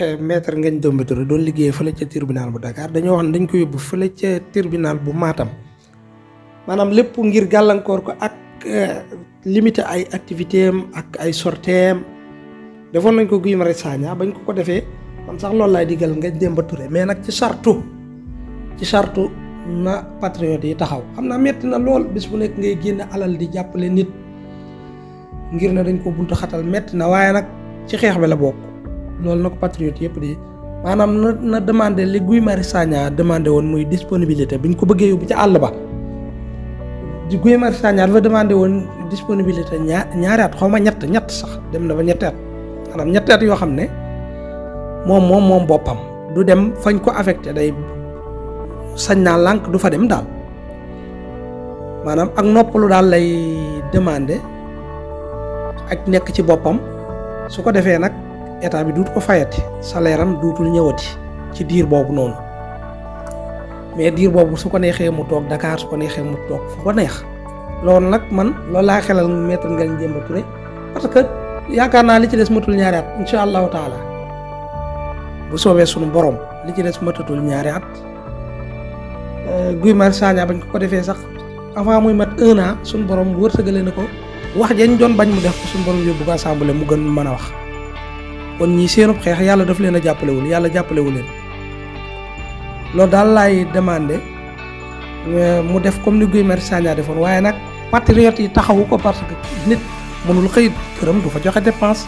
Eh, maître Ngagne Demba Touré doon liggéey fële ca tribunal bu Dakar dañoo wax ne dañ ko yóbbu fële ca tribunal bu Matam maanaam lépp ngir gàllankoor ko ak eh, limiter ay activité am ak ay sorteem defoon nañ ko Guy Marius Sagna bañ ko ko defee man sax loolu laay digal Ngagne Demba Touré mais nag ci sartu ci sartu na patriote yi taxaw xam naa metti na lool bis bu nekk ngay génn alal di jàppale nit ngir ne dañ ko buntu xatal metti na waaye nag ci xeex bi la bokk loolu na ko patriote yëpp di maanaam na na demandé li Guy Marius Sagna demandé woon muy disponibilité bi ñu ko bëggee yóbbu ci àll ba di Guy Marius Sagna dafa demandé woon disponibilité ñaar ñaari at xaw ma ñett ñett sax dem na ba ñetti at maanaam ñetti yoo xam ne moom moom boppam du dem fañ ko affecté day sañ naa lànk du fa dem daal maanaam ak noppalu daal lay demandé ak nekk ci boppam su ko defee nag. état bi duut ko fayati salaire am duutul ñëwati ci diir boobu noonu mais diir boobu su ko neexee mu toog dakaar su ko neexee mu toog fu ko neex loolu nag man loolu laa xelal maître Ngagne Demba Touré parce que yaakaar naa li ci des matul ñaari at incha allahu taala bu soobee sunu borom li ci des matatul ñaari at euh, Guy Marius Sagna bañ ko ko defee sax avant muy mat un an sunu borom wërsëgale na ko wax jañ doon bañ mu def ko sunu borom yóbbu ko assemblée mu gën mën a wax. kon ñii seenub xeex yàlla daf leen a jàppalewul yàlla jàppalewu leen loolu daal laay demandé euh, mu def comme ni Guy Marius Sagna defoon waaye nag patriote yi taxawu ko parce que nit mënul xëyit këram du fa joxe dépense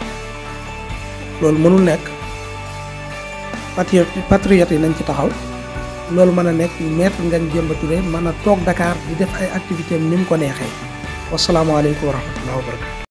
loolu mënul nekk patriote patriote yi nañ ci taxaw loolu mën a nekk maître Ngagne Demba Touré mën a toog dakaar di def ay activités ni mu ko neexee wasalaamaaleykum wa rahmatulah wa